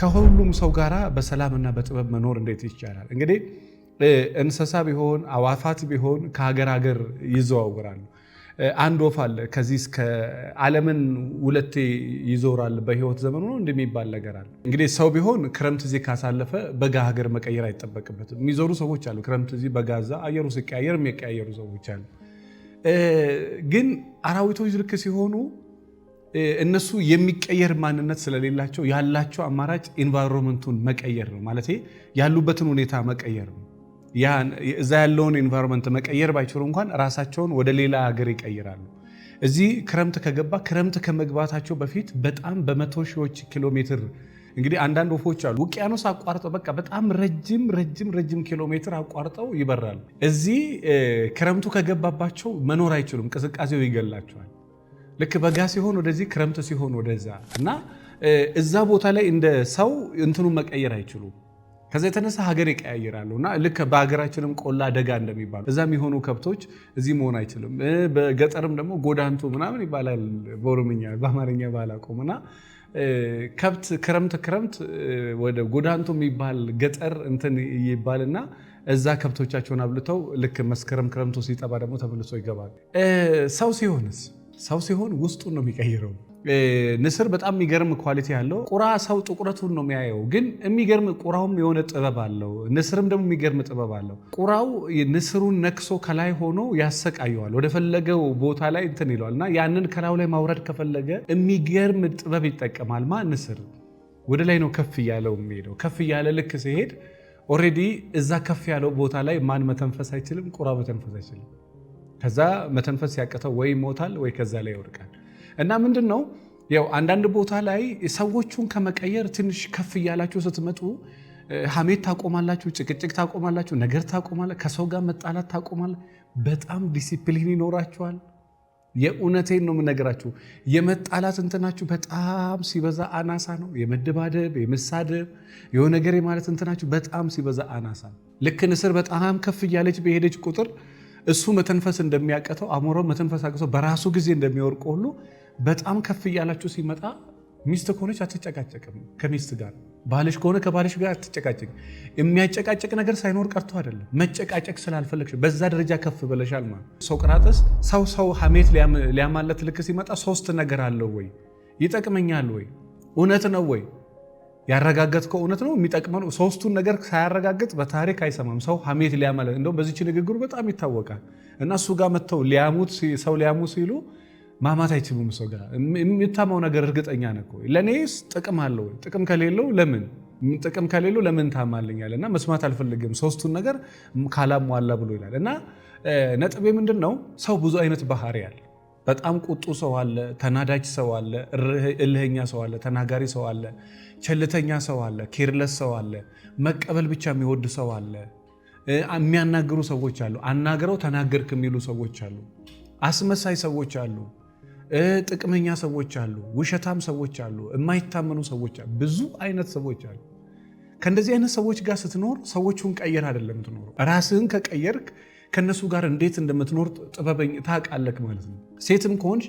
ከሁሉም ሰው ጋራ በሰላምና በጥበብ መኖር እንዴት ይቻላል? እንግዲህ እንስሳ ቢሆን አዋፋት ቢሆን ከሀገር ሀገር ይዘዋወራሉ። አንድ ወፍ አለ ከዚህ እስከ ዓለምን ሁለቴ ይዞራል በህይወት ዘመኑ ነው እንደሚባል ነገር አለ። እንግዲህ ሰው ቢሆን ክረምት እዚህ ካሳለፈ በጋ ሀገር መቀየር አይጠበቅበትም። የሚዞሩ ሰዎች አሉ። ክረምት እዚህ በጋዛ አየሩ ሲቀያየር የሚቀያየሩ ሰዎች አሉ። ግን አራዊቶች ልክ ሲሆኑ እነሱ የሚቀየር ማንነት ስለሌላቸው ያላቸው አማራጭ ኢንቫይሮንመንቱን መቀየር ነው። ማለት ያሉበትን ሁኔታ መቀየር ነው። እዛ ያለውን ኢንቫይሮንመንት መቀየር ባይችሉ እንኳን ራሳቸውን ወደ ሌላ ሀገር ይቀይራሉ። እዚህ ክረምት ከገባ ክረምት ከመግባታቸው በፊት በጣም በመቶ ሺዎች ኪሎ ሜትር እንግዲህ አንዳንድ ወፎች አሉ ውቅያኖስ አቋርጠው በቃ በጣም ረጅም ረጅም ረጅም ኪሎ ሜትር አቋርጠው ይበራሉ። እዚህ ክረምቱ ከገባባቸው መኖር አይችሉም፣ ቅዝቃዜው ይገላቸዋል። ልክ በጋ ሲሆን ወደዚህ፣ ክረምት ሲሆን ወደዛ እና እዛ ቦታ ላይ እንደ ሰው እንትኑን መቀየር አይችሉም። ከዛ የተነሳ ሀገር ይቀያየራሉ እና ልክ በሀገራችንም ቆላ ደጋ እንደሚባሉ እዛ የሚሆኑ ከብቶች እዚህ መሆን አይችልም። በገጠርም ደግሞ ጎዳንቱ ምናምን ይባላል በኦሮምኛ በአማርኛ ባላቆም እና ከብት ክረምት ክረምት ወደ ጎዳንቱ የሚባል ገጠር እንትን ይባልና እዛ ከብቶቻቸውን አብልተው ልክ መስከረም ክረምቱ ሲጠባ ደግሞ ተመልሶ ይገባል። ሰው ሲሆንስ ሰው ሲሆን ውስጡን ነው የሚቀይረው። ንስር በጣም የሚገርም ኳሊቲ ያለው ቁራ ሰው ጥቁረቱን ነው የሚያየው፣ ግን የሚገርም ቁራውም የሆነ ጥበብ አለው። ንስርም ደግሞ የሚገርም ጥበብ አለው። ቁራው ንስሩን ነክሶ ከላይ ሆኖ ያሰቃየዋል፣ ወደፈለገው ቦታ ላይ እንትን ይለዋል እና ያንን ከላዩ ላይ ማውረድ ከፈለገ የሚገርም ጥበብ ይጠቀማል። ማ ንስር ወደ ላይ ነው ከፍ እያለው የሚሄደው። ከፍ እያለ ልክ ሲሄድ ኦልሬዲ እዛ ከፍ ያለው ቦታ ላይ ማን መተንፈስ አይችልም፣ ቁራ መተንፈስ አይችልም። ከዛ መተንፈስ ያቀተው ወይ ይሞታል ወይ ከዛ ላይ ይወድቃል። እና ምንድን ነው ያው አንዳንድ ቦታ ላይ ሰዎቹን ከመቀየር ትንሽ ከፍ እያላችሁ ስትመጡ ሀሜት ታቆማላችሁ፣ ጭቅጭቅ ታቆማላችሁ፣ ነገር ታቆማለ፣ ከሰው ጋር መጣላት ታቆማለ። በጣም ዲሲፕሊን ይኖራችኋል። የእውነቴን ነው የምነግራችሁ። የመጣላት እንትናችሁ በጣም ሲበዛ አናሳ ነው። የመደባደብ የመሳደብ የሆነ ነገር ማለት እንትናችሁ በጣም ሲበዛ አናሳ ነው። ልክ ንስር በጣም ከፍ እያለች በሄደች ቁጥር እሱ መተንፈስ እንደሚያቀተው አሞራው መተንፈስ አቅተው በራሱ ጊዜ እንደሚወርቅ ሁሉ በጣም ከፍ እያላችሁ ሲመጣ ሚስት ከሆነች አትጨቃጨቅም ከሚስት ጋር፣ ባልሽ ከሆነ ከባልሽ ጋር አትጨቃጨቅ። የሚያጨቃጨቅ ነገር ሳይኖር ቀርቶ አይደለም፣ መጨቃጨቅ ስላልፈለግሽ በዛ ደረጃ ከፍ ብለሻል ማለት። ሶቅራጥስ ሰው ሰው ሀሜት ሊያማለት ልክ ሲመጣ ሶስት ነገር አለው ወይ ይጠቅመኛል ወይ እውነት ነው ወይ ያረጋገጥከው እውነት ነው የሚጠቅመው ሶስቱን ነገር ሳያረጋግጥ በታሪክ አይሰማም ሰው ሀሜት ሊያመለ እንደ በዚች ንግግሩ በጣም ይታወቃል። እና እሱ ጋር መጥተው ሊያሙት ሰው ሊያሙት ሲሉ ማማት አይችሉም። ሰው ጋር የሚታማው ነገር እርግጠኛ ነ ለእኔስ ጥቅም አለው ጥቅም ከሌለው ለምን ጥቅም ከሌለው ለምን ታማልኛል? እና መስማት አልፈልግም ሶስቱን ነገር ካላሟላ ብሎ ይላል። እና ነጥቤ ምንድን ነው ሰው ብዙ አይነት ባህሪ አለ በጣም ቁጡ ሰው አለ፣ ተናዳጅ ሰው አለ፣ እልህኛ ሰው አለ፣ ተናጋሪ ሰው አለ፣ ቸልተኛ ሰው አለ፣ ኬርለስ ሰው አለ፣ መቀበል ብቻ የሚወድ ሰው አለ። የሚያናግሩ ሰዎች አሉ፣ አናግረው ተናገርክ የሚሉ ሰዎች አሉ፣ አስመሳይ ሰዎች አሉ፣ ጥቅመኛ ሰዎች አሉ፣ ውሸታም ሰዎች አሉ፣ የማይታመኑ ሰዎች አሉ፣ ብዙ አይነት ሰዎች አሉ። ከእንደዚህ አይነት ሰዎች ጋር ስትኖር ሰዎቹን ቀየር አይደለም ትኖሩ ራስህን ከቀየርክ ከነሱ ጋር እንዴት እንደምትኖር ጥበበኝ ታውቃለህ ማለት ነው። ሴትም ከሆንሽ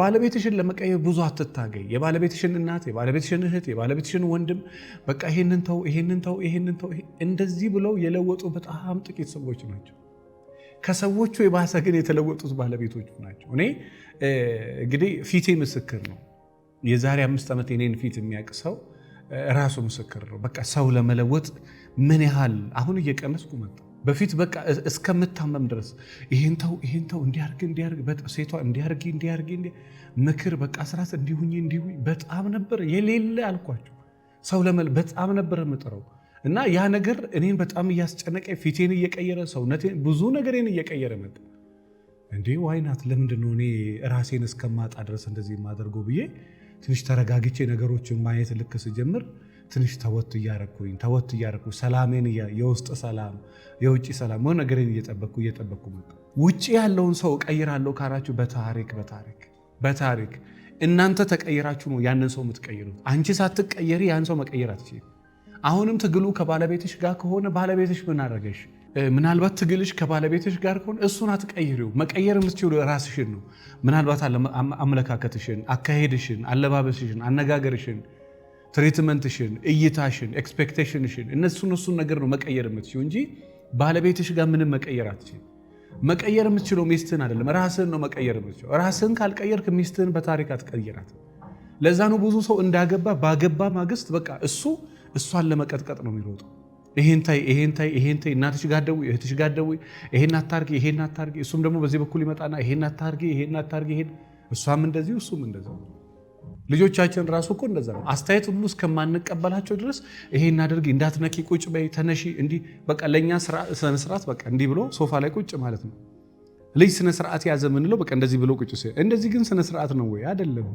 ባለቤትሽን ለመቀየር ብዙ አትታገይ። የባለቤትሽን እናት፣ የባለቤትሽን እህት፣ የባለቤትሽን ወንድም በቃ ይሄንን ተው፣ ይሄንን ተው፣ ይሄንን ተው እንደዚህ ብለው የለወጡ በጣም ጥቂት ሰዎች ናቸው። ከሰዎቹ የባሰ ግን የተለወጡት ባለቤቶቹ ናቸው። እኔ እንግዲህ ፊቴ ምስክር ነው። የዛሬ አምስት ዓመት የኔን ፊት የሚያውቅ ሰው ራሱ ምስክር ነው። በቃ ሰው ለመለወጥ ምን ያህል አሁን እየቀነስኩ መጣ በፊት በቃ እስከምታመም ድረስ ይሄን ተው ይሄን ተው እንዲያርግ እንዲያርግ ሴቷ እንዲያርግ እንዲያርግ ምክር በቃ ስራት እንዲሁኝ እንዲሁ በጣም ነበር የሌለ አልኳቸው። ሰው ለመል በጣም ነበር የምጥረው እና ያ ነገር እኔን በጣም እያስጨነቀ ፊቴን እየቀየረ ሰውነቴን ብዙ ነገሬን እየቀየረ መጣ። እንዴ ዋይናት ለምንድን ነው እኔ ራሴን እስከማጣ ድረስ እንደዚህ የማደርገው ብዬ ትንሽ ተረጋግቼ ነገሮችን ማየት ልክ ስጀምር ትንሽ ተወት እያረኩኝ ተወት እያረኩ ሰላሜን የውስጥ ሰላም የውጭ ሰላም ሆ ነገሬን እየጠበቅኩ እየጠበቅኩ መጣ። ውጭ ያለውን ሰው እቀይራለሁ ካላችሁ በታሪክ በታሪክ በታሪክ እናንተ ተቀይራችሁ ነው ያንን ሰው የምትቀይሩት። አንቺ ሳትቀየሪ ያን ሰው መቀየር አትችል። አሁንም ትግሉ ከባለቤትሽ ጋር ከሆነ ባለቤትሽ ምን አደረገሽ? ምናልባት ትግልሽ ከባለቤትሽ ጋር ከሆነ እሱን አትቀይሪው። መቀየር የምትችሉ ራስሽን ነው። ምናልባት አመለካከትሽን፣ አካሄድሽን፣ አለባበስሽን፣ አነጋገርሽን ትሪትመንትሽን፣ እይታሽን፣ ኤክስፔክቴሽንሽን እነሱን ነገር ነው መቀየር የምትችው እንጂ ባለቤትሽ ጋር ምንም መቀየር አትችል። መቀየር የምትችለው ሚስትህን አይደለም ራስህን ነው መቀየር የምትችለው። ራስህን ካልቀየርክ ሚስትህን በታሪክ አትቀየራት ለዛ ነው ብዙ ሰው እንዳገባ ባገባ ማግስት በቃ እሱ እሷን ለመቀጥቀጥ ነው የሚሮጠው። ይሄን ታይ፣ ይሄን ታይ፣ ይሄን ታይ፣ እናትሽ ጋር ደውይ፣ እህትሽ ጋር ደውይ፣ ይሄን አታርጊ፣ ይሄን አታርጊ። እሱም ደግሞ በዚህ በኩል ይመጣና ይሄን አታርጊ፣ ይሄን አታርጊ፣ ይሄን እሷም እንደዚህ እሱም እንደዚህ ልጆቻችን ራሱ እኮ እንደዛ ነው። አስተያየት ሁሉ እስከማንቀበላቸው ድረስ ይሄ እናደርግ እንዳትነኪ፣ ቁጭ በይ፣ ተነሺ፣ እንዲህ በቃ ለእኛ ስነስርዓት በቃ እንዲህ ብሎ ሶፋ ላይ ቁጭ ማለት ነው። ልጅ ስነስርዓት ያዘ የምንለው በቃ እንደዚህ ብሎ ቁጭ ሲል፣ እንደዚህ ግን ስነስርዓት ነው ወይ አይደለም?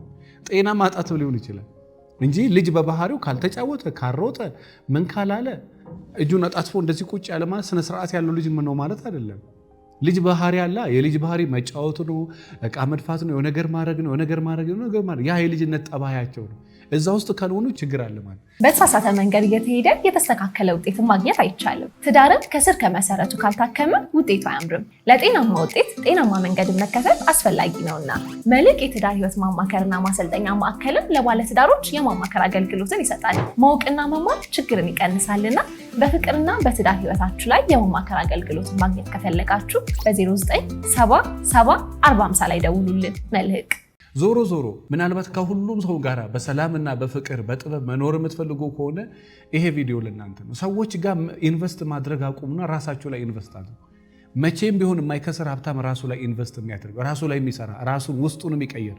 ጤና ማጣትም ሊሆን ይችላል እንጂ ልጅ በባህሪው ካልተጫወተ ካልሮጠ ምን ካላለ እጁን አጣጥፎ እንደዚህ ቁጭ ያለ ማለት ስነስርዓት ያለው ልጅ ምን ነው ማለት አይደለም። ልጅ ባህሪ አለ። የልጅ ባህሪ መጫወቱ ነው፣ እቃ መድፋት ነው፣ የሆነ ነገር ማድረግ ነው፣ የሆነ ነገር ማድረግ ነው። ያ የልጅነት ጠባያቸው ነው። እዛ ውስጥ ካልሆኑ ችግር አለ ማለት ነው። በተሳሳተ መንገድ እየተሄደ የተስተካከለ ውጤትን ማግኘት አይቻልም። ትዳርን ከስር ከመሰረቱ ካልታከመ ውጤቱ አያምርም። ለጤናማ ውጤት ጤናማ መንገድን መከተል አስፈላጊ ነውና መልሕቅ የትዳር ህይወት ማማከርና ማሰልጠኛ ማዕከልም ለባለትዳሮች የማማከር አገልግሎትን ይሰጣል። ማወቅና መማር ችግርን ይቀንሳልና በፍቅርና በትዳር ህይወታችሁ ላይ የማማከር አገልግሎትን ማግኘት ከፈለጋችሁ በ0977 450 ላይ ደውሉልን። መልሕቅ ዞሮ ዞሮ ምናልባት ከሁሉም ሰው ጋር በሰላምና በፍቅር በጥበብ መኖር የምትፈልጉ ከሆነ ይሄ ቪዲዮ ለእናንተ ነው። ሰዎች ጋር ኢንቨስት ማድረግ አቁሙና ራሳቸው ላይ ኢንቨስት አድርጉ። መቼም ቢሆን የማይከስር ሀብታም ራሱ ላይ ኢንቨስት የሚያደርግ ራሱ ላይ የሚሰራ ራሱን ውስጡን የሚቀይር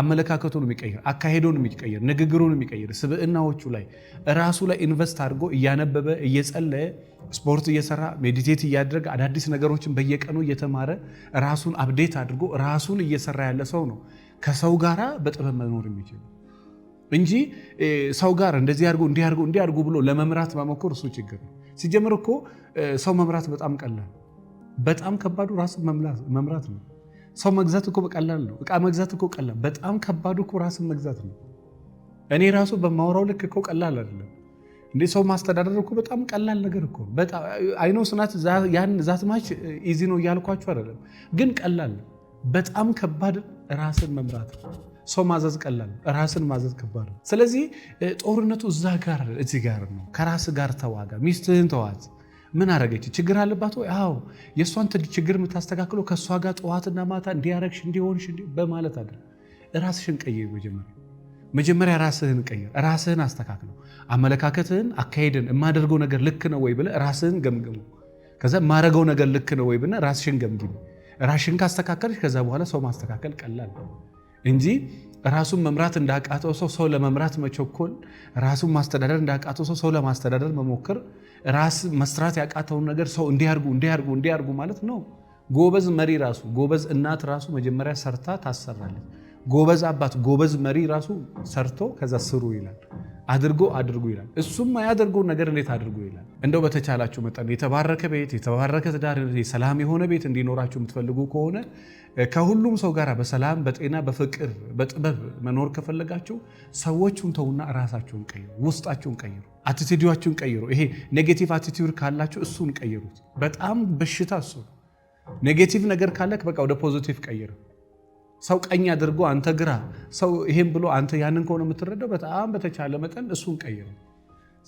አመለካከቱን የሚቀይር አካሄዱን የሚቀይር ንግግሩን የሚቀይር ስብዕናዎቹ ላይ ራሱ ላይ ኢንቨስት አድርጎ እያነበበ እየጸለየ ስፖርት እየሰራ ሜዲቴት እያደረገ አዳዲስ ነገሮችን በየቀኑ እየተማረ ራሱን አብዴት አድርጎ ራሱን እየሰራ ያለ ሰው ነው። ከሰው ጋር በጥበብ መኖር የሚችሉ እንጂ ሰው ጋር እንደዚህ አድርጎ እንዲህ አድርጎ እንዲህ አድርጎ ብሎ ለመምራት መሞከር እሱ ችግር ነው። ሲጀምር እኮ ሰው መምራት በጣም ቀላል፣ በጣም ከባዱ ራሱ መምራት ነው። ሰው መግዛት እኮ ቀላል ነው። እቃ መግዛት እኮ ቀላል፣ በጣም ከባዱ እኮ ራስን መግዛት ነው። እኔ ራሱ በማወራው ልክ እኮ ቀላል አይደለም እንደ ሰው ማስተዳደር እኮ በጣም ቀላል ነገር እኮ አይኖ ስናት ያን ዛትማች ኢዚ ነው እያልኳችሁ አይደለም፣ ግን ቀላል በጣም ከባድ ራስን መምራት ነው። ሰው ማዘዝ ቀላል፣ ራስን ማዘዝ ከባድ ነው። ስለዚህ ጦርነቱ እዛ ጋር እዚህ ጋር ነው። ከራስ ጋር ተዋጋ። ሚስትህን ተዋት። ምን አረገች? ችግር አለባት ወይ? አዎ። የእሷን ችግር የምታስተካክለው ከእሷ ጋር ጠዋትና ማታ እንዲያረግሽ እንዲሆንሽ በማለት አድርግ። ራስሽን ቀይር። መጀመሪያ መጀመሪያ ራስህን ቀይር። ራስህን አስተካክለው። አመለካከትህን፣ አካሄድን፣ የማደርገው ነገር ልክ ነው ወይ ብለህ ራስህን ገምግሙ። ከዛ የማደርገው ነገር ልክ ነው ወይ ብለህ ራስሽን ገምግሙ። ራሽን ካስተካከልሽ ከዛ በኋላ ሰው ማስተካከል ቀላል ነው እንጂ ራሱን መምራት እንዳቃተው ሰው ሰው ለመምራት መቸኮል፣ ራሱን ማስተዳደር እንዳቃተው ሰው ሰው ለማስተዳደር መሞከር፣ ራስ መስራት ያቃተውን ነገር ሰው እንዲያርጉ እንዲያርጉ እንዲያርጉ ማለት ነው። ጎበዝ መሪ ራሱ ጎበዝ እናት ራሱ መጀመሪያ ሰርታ ታሰራለች። ጎበዝ አባት፣ ጎበዝ መሪ ራሱ ሰርቶ ከዛ ስሩ ይላል። አድርጎ አድርጉ ይላል። እሱም አያደርገውን ነገር እንዴት አድርጉ ይላል። እንደው በተቻላችሁ መጠን የተባረከ ቤት፣ የተባረከ ትዳር፣ ሰላም የሆነ ቤት እንዲኖራችሁ የምትፈልጉ ከሆነ ከሁሉም ሰው ጋር በሰላም በጤና በፍቅር በጥበብ መኖር ከፈለጋችሁ ሰዎቹን ተውና ራሳችሁን ቀይሩ፣ ውስጣችሁን ቀይሩ፣ አቲቲዩዳችሁን ቀይሩ። ይሄ ኔጌቲቭ አቲቲዩድ ካላችሁ እሱን ቀይሩት። በጣም በሽታ እሱ ኔጌቲቭ ነገር ካለ በቃ ወደ ፖዚቲቭ ቀይሩ። ሰው ቀኝ አድርጎ አንተ ግራ፣ ሰው ይሄን ብሎ አንተ ያንን ከሆነ የምትረዳው በጣም በተቻለ መጠን እሱን ቀይሩ።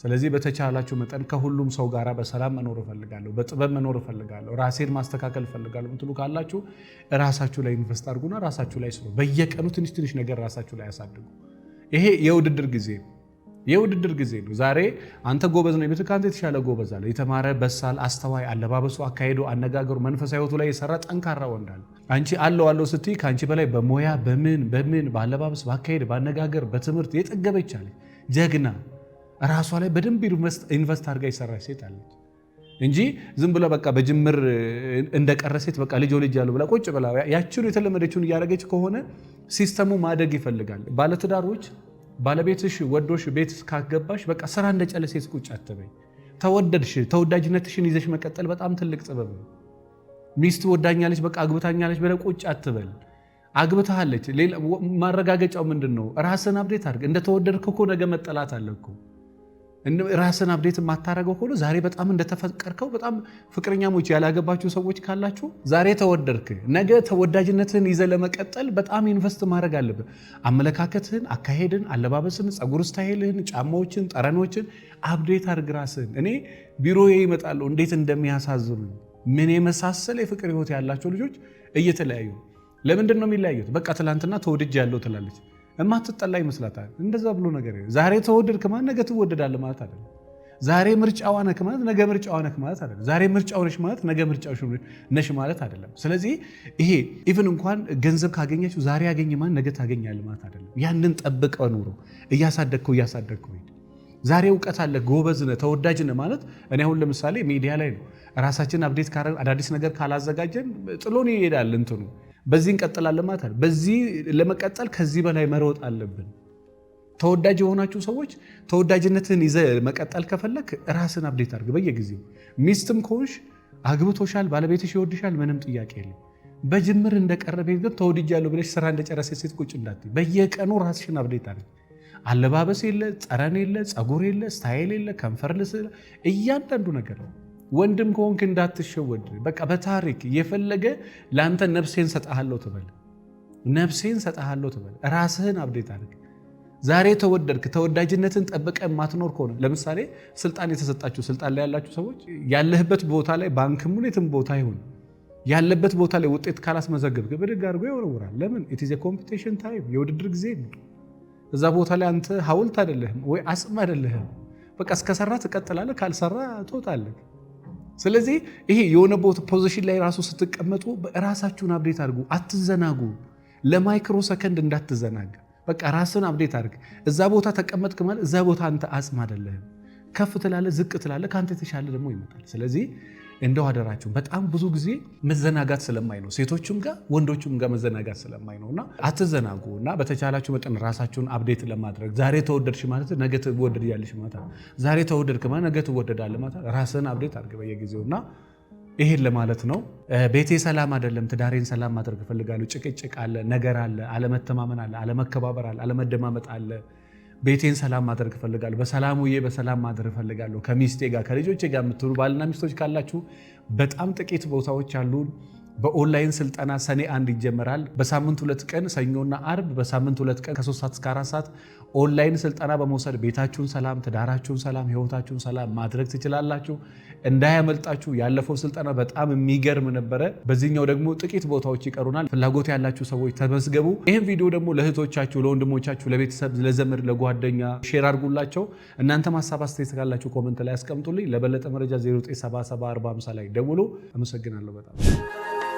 ስለዚህ በተቻላችሁ መጠን ከሁሉም ሰው ጋር በሰላም መኖር እፈልጋለሁ፣ በጥበብ መኖር እፈልጋለሁ፣ ራሴን ማስተካከል እፈልጋለሁ ምትሉ ካላችሁ ራሳችሁ ላይ ኢንቨስት አድርጉና ራሳችሁ ላይ ስሩ። በየቀኑ ትንሽ ትንሽ ነገር ራሳችሁ ላይ ያሳድጉ። ይሄ የውድድር ጊዜ የውድድር ጊዜ ነው። ዛሬ አንተ ጎበዝ ነው የቤት ከአንተ የተሻለ ጎበዝ አለ፣ የተማረ በሳል፣ አስተዋይ፣ አለባበሱ፣ አካሄዱ፣ አነጋገሩ፣ መንፈሳዊ ህይወቱ ላይ የሰራ ጠንካራ ወንድ አለ። አንቺ አለው አለው ስትይ ከአንቺ በላይ በሙያ በምን በምን በአለባበስ፣ በአካሄድ፣ በአነጋገር፣ በትምህርት የጠገበች አለ። ጀግና ራሷ ላይ በደንብ ኢንቨስት አድርጋ የሰራች ሴት አለች እንጂ ዝም ብለ በቃ በጅምር እንደቀረ ሴት በቃ ልጅ ልጅ ያሉ ብላ ቁጭ ብላ ያችን የተለመደችውን እያደረገች ከሆነ ሲስተሙ ማደግ ይፈልጋል። ባለትዳሮች ባለቤትሽ ወዶሽ ቤት እስካገባሽ በቃ ስራ እንደጨለ ሴት ቁጭ አትበይ። ተወደድሽ ተወዳጅነትሽን ይዘሽ መቀጠል በጣም ትልቅ ጥበብ ነው። ሚስት ወዳኛለች በቃ አግብታኛለች ብለህ ቁጭ አትበል። አግብታለች ማረጋገጫው ምንድን ነው? ራስን አብዴት አድርግ። እንደተወደድክ እኮ ነገ መጠላት አለ እኮ ራስን አብዴት የማታረገው ሁሉ ዛሬ በጣም እንደተፈቀርከው በጣም ፍቅረኛሞች ያላገባችሁ ሰዎች ካላችሁ ዛሬ ተወደድክ፣ ነገ ተወዳጅነትን ይዘ ለመቀጠል በጣም ኢንቨስት ማድረግ አለብን። አመለካከትህን፣ አካሄድን፣ አለባበስን፣ ፀጉር ስታይልህን፣ ጫማዎችን፣ ጠረኖችን አብዴት አድርግ ራስህን። እኔ ቢሮ ይመጣለሁ እንዴት እንደሚያሳዝኑ ምን የመሳሰለ የፍቅር ህይወት ያላቸው ልጆች እየተለያዩ ለምንድን ነው የሚለያዩት? በቃ ትላንትና ተወድጅ ያለው ትላለች እማትጠላ ይመስላታል። እንደዛ ብሎ ነገር ዛሬ ተወደድክ ማለት ነገ ትወደዳለህ ማለት አይደለም። ዛሬ ምርጫዋ ነክ ማለት ነገ ምርጫዋ ነክ ማለት አይደለም። ዛሬ ምርጫው ነሽ ማለት ነገ ምርጫው ነሽ ማለት አይደለም። ስለዚህ ይሄ ኢቭን እንኳን ገንዘብ ካገኘችው ዛሬ ያገኘ ማለት ነገ ታገኛለህ ማለት አይደለም። ያንን ጠብቀው ኑሮ እያሳደግከው እያሳደግከው ሄድ ዛሬ እውቀት አለ ጎበዝ ነህ ተወዳጅ ነህ ማለት እኔ አሁን ለምሳሌ ሚዲያ ላይ ነው ራሳችን አብዴት አዳዲስ ነገር ካላዘጋጀን ጥሎን ይሄዳል እንትኑ በዚህ እንቀጥላለን ማለት ነው። በዚህ ለመቀጠል ከዚህ በላይ መሮጥ አለብን። ተወዳጅ የሆናችሁ ሰዎች ተወዳጅነትን ይዘ መቀጠል ከፈለክ ራስን አብዴት አድርግ በየጊዜው። ሚስትም ከሆንሽ አግብቶሻል፣ ባለቤትሽ ይወድሻል፣ ምንም ጥያቄ የለም። በጅምር እንደቀረ ቤት ግን ተወድጃለሁ ብለሽ ስራ እንደጨረሰ ሴት ቁጭ እንዳት በየቀኑ ራስሽን አብዴት አድርግ። አለባበስ የለ፣ ጠረን የለ፣ ፀጉር የለ፣ ስታይል የለ፣ ከንፈር ልስ፣ እያንዳንዱ ነገር ነው ወንድም ከሆንክ እንዳትሸወድ። በቃ በታሪክ የፈለገ ለአንተ ነፍሴን ሰጠሃለሁ ትበል፣ ነፍሴን ሰጠሃለሁ ትበል። ራስህን አብዴት አድርግ። ዛሬ ተወደድክ፣ ተወዳጅነትን ጠብቀ የማትኖር ከሆነ ለምሳሌ ስልጣን የተሰጣችሁ ስልጣን ላይ ያላችሁ ሰዎች ያለህበት ቦታ ላይ ባንክም ሁኔትም ቦታ ይሁን ያለበት ቦታ ላይ ውጤት ካላስመዘገብክ ብድግ አድርጎ ይወረውራል። ለምን ኢትዝ ኮምፒቴሽን ታይም የውድድር ጊዜ እዛ ቦታ ላይ አንተ ሀውልት አይደለህም ወይ አጽም አይደለህም። በቃ እስከሰራ ትቀጥላለህ፣ ካልሰራ ትወጣለህ። ስለዚህ ይሄ የሆነ ቦታ ፖዚሽን ላይ ራሱ ስትቀመጡ ራሳችሁን አብዴት አድርጉ። አትዘናጉ። ለማይክሮ ሰከንድ እንዳትዘናግ። በቃ ራስን አብዴት አድርግ። እዛ ቦታ ተቀመጥክ ማለት እዛ ቦታ አንተ አጽም አደለህም። ከፍ ትላለ፣ ዝቅ ትላለ፣ ከአንተ የተሻለ ደግሞ ይመጣል። ስለዚህ እንደው አደራችሁ በጣም ብዙ ጊዜ መዘናጋት ስለማይ ነው፣ ሴቶችም ጋር ወንዶችም ጋር መዘናጋት ስለማይ ነው እና አትዘናጉ እና በተቻላችሁ መጠን ራሳችሁን አብዴት ለማድረግ ዛሬ ተወደድሽ ማለት ነገ ያለሽ ማለት ዛሬ ተወደድክ ማለት ነገ ትወደዳለ ማለት ራስን አብዴት አድርግ በየጊዜው እና ይሄን ለማለት ነው። ቤቴ ሰላም አይደለም፣ ትዳሬን ሰላም ማድረግ እፈልጋለሁ። ጭቅጭቅ አለ፣ ነገር አለ፣ አለመተማመን አለ፣ አለመከባበር አለ፣ አለመደማመጥ አለ ቤቴን ሰላም ማድረግ እፈልጋለሁ፣ በሰላም ውዬ በሰላም ማድረግ እፈልጋለሁ ከሚስቴ ጋር ከልጆቼ ጋር የምትሉ ባልና ሚስቶች ካላችሁ በጣም ጥቂት ቦታዎች አሉ። በኦንላይን ስልጠና ሰኔ አንድ ይጀመራል። በሳምንት ሁለት ቀን ሰኞና አርብ፣ በሳምንት ሁለት ቀን ከሶስት ሰዓት እስከ አራት ሰዓት ኦንላይን ስልጠና በመውሰድ ቤታችሁን ሰላም፣ ትዳራችሁን ሰላም፣ ህይወታችሁን ሰላም ማድረግ ትችላላችሁ። እንዳያመልጣችሁ። ያለፈው ስልጠና በጣም የሚገርም ነበረ። በዚህኛው ደግሞ ጥቂት ቦታዎች ይቀሩናል። ፍላጎት ያላችሁ ሰዎች ተመዝገቡ። ይህም ቪዲዮ ደግሞ ለእህቶቻችሁ፣ ለወንድሞቻችሁ፣ ለቤተሰብ፣ ለዘመድ፣ ለጓደኛ ሼር አድርጉላቸው። እናንተም ሀሳብ አስተያየት ካላችሁ ኮመንት ላይ ያስቀምጡልኝ። ለበለጠ መረጃ 0974 ላይ ደውሎ አመሰግናለሁ በጣም